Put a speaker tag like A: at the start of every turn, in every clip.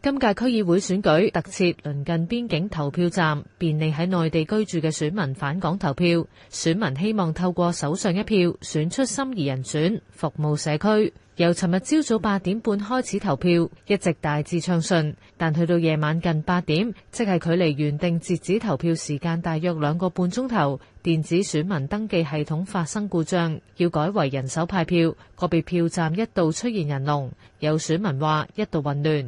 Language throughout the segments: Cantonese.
A: 今屆區議會選舉特設鄰近邊境投票站，便利喺內地居住嘅選民返港投票。選民希望透過手上一票，選出心儀人選，服務社區。由尋日朝早八點半開始投票，一直大致暢順，但去到夜晚近八點，即係距離原定截止投票時間大約兩個半鐘頭。電子選民登記系統發生故障，要改為人手派票，個別票站一度出現人龍，有選民話
B: 一度混亂。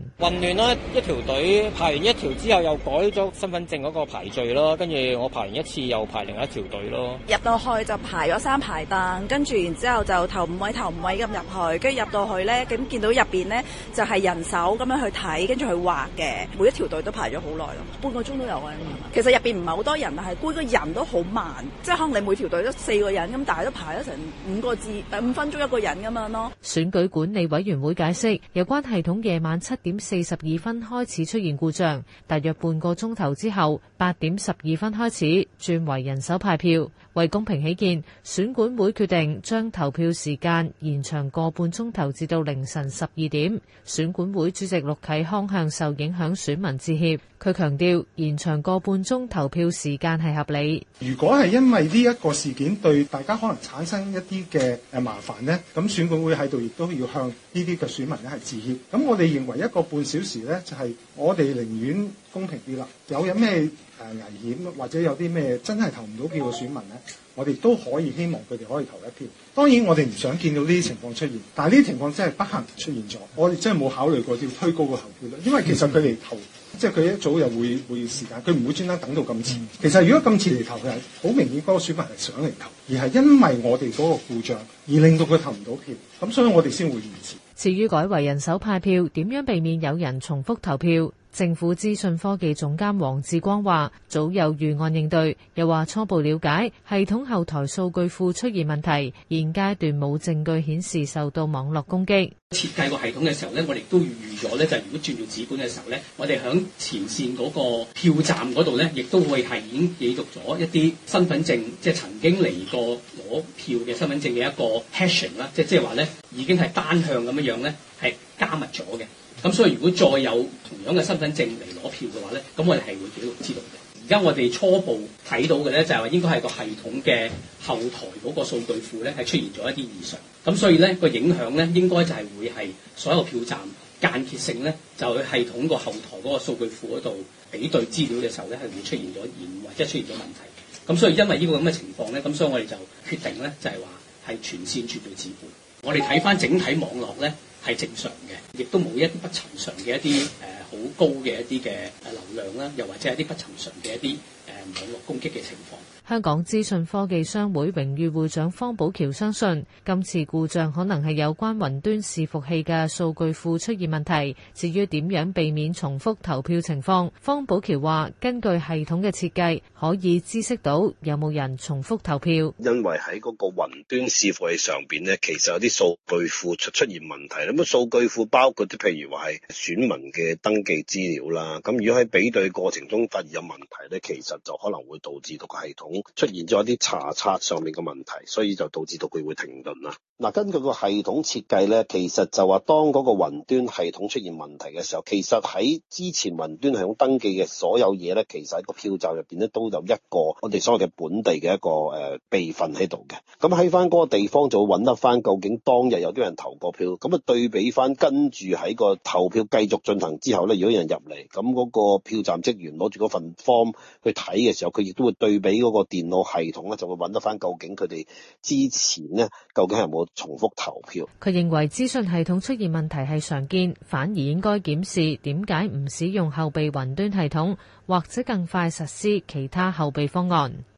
B: 即係可能你每條隊都四個人咁，但係都排咗成五個字，五分鐘一個人咁樣咯。
A: 選舉管理委員會解釋，有關系統夜晚七點四十二分開始出現故障，大約半個鐘頭之後，八點十二分開始轉為人手派票。為公平起見，選管會決定將投票時間延長個半鐘頭，至到凌晨十二點。選管會主席陸啟康向受影響選民致歉，佢強調延長個半鐘投票時間係合理。
C: 如果係。因為呢一個事件對大家可能產生一啲嘅誒麻煩咧，咁選管會喺度亦都要向呢啲嘅選民咧係致歉。咁我哋認為一個半小時咧，就係我哋寧願公平啲啦。有有咩誒危險或者有啲咩真係投唔到票嘅選民咧，我哋都可以希望佢哋可以投一票。當然我哋唔想見到呢啲情況出現，但係呢啲情況真係不幸出現咗。我哋真係冇考慮過要推高個投票率，因為其實佢哋投。即係佢一早又會會時間，佢唔會專登等到咁遲。其實如果咁遲嚟投，佢係好明顯嗰個選民係想嚟投，而係因為我哋嗰個故障而令到佢投唔到票。咁所以我哋先會延遲。
A: 至於改為人手派票，點樣避免有人重複投票？政府資訊科技總監黃志光話：早有預案應對，又話初步了解系統後台數據庫出現問題，現階段冇證據顯示受到網絡攻擊。
B: 設計個系統嘅時候咧，我哋都預咗咧，就係、是、如果轉到紙本嘅時候咧，我哋響前線嗰個票站嗰度咧，亦都會係已經記錄咗一啲身份證，即、就、係、是、曾經嚟過攞票嘅身份證嘅一個 p a s s i o n 啦，即係即係話咧，已經係單向咁樣樣咧，係加密咗嘅。咁所以如果再有同樣嘅身份證嚟攞票嘅話咧，咁我哋係會記錄知道嘅。而家我哋初步睇到嘅咧就係、是、話應該係個系統嘅後台嗰個數據庫咧係出現咗一啲異常。咁所以咧、這個影響咧應該就係會係所有票站間歇性咧就係、是、系統個後台嗰個數據庫嗰度比對資料嘅時候咧係會出現咗異或者出現咗問題。咁所以因為個呢個咁嘅情況咧，咁所以我哋就決定咧就係話係全線絕對置付。我哋睇翻整體網絡咧。係正常嘅，亦都冇一啲不尋常嘅一啲誒，好高嘅一啲嘅誒流量啦，又或者係一啲不尋常嘅一啲網絡攻擊嘅
A: 情況。香港資訊科技商會榮譽會長方寶橋相信，今次故障可能係有關雲端伺服器嘅數據庫出現問題。至於點樣避免重複投票情況，方寶橋話：根據系統嘅設計，可以知悉到有冇人重複投票。
D: 因為喺嗰個雲端伺服器上邊呢，其實有啲數據庫出出現問題啦。咁數據庫包括啲譬如話係選民嘅登記資料啦。咁如果喺比對過程中發現有問題呢，其實就就可能會導致到個系統出現咗一啲查冊上面嘅問題，所以就導致到佢會會停頓啦。嗱，根據個系統設計咧，其實就話當嗰個雲端系統出現問題嘅時候，其實喺之前雲端系統登記嘅所有嘢咧，其實喺個票站入邊咧都有一個我哋所謂嘅本地嘅一個誒、呃、備份喺度嘅。咁喺翻嗰個地方就會揾得翻，究竟當日有啲人投過票。咁、嗯、啊對比翻，跟住喺個投票繼續進行之後咧，如果有人入嚟，咁嗰個票站職員攞住嗰份 form 去睇嘅時候，佢亦都會對比嗰個電腦系統咧，就會揾得翻究竟佢哋之前咧究竟有冇重複
A: 投票，佢認為資訊系統出現問題係常見，反而應該檢視點解唔使用後備雲端系統，或者更快實施其他後備方案。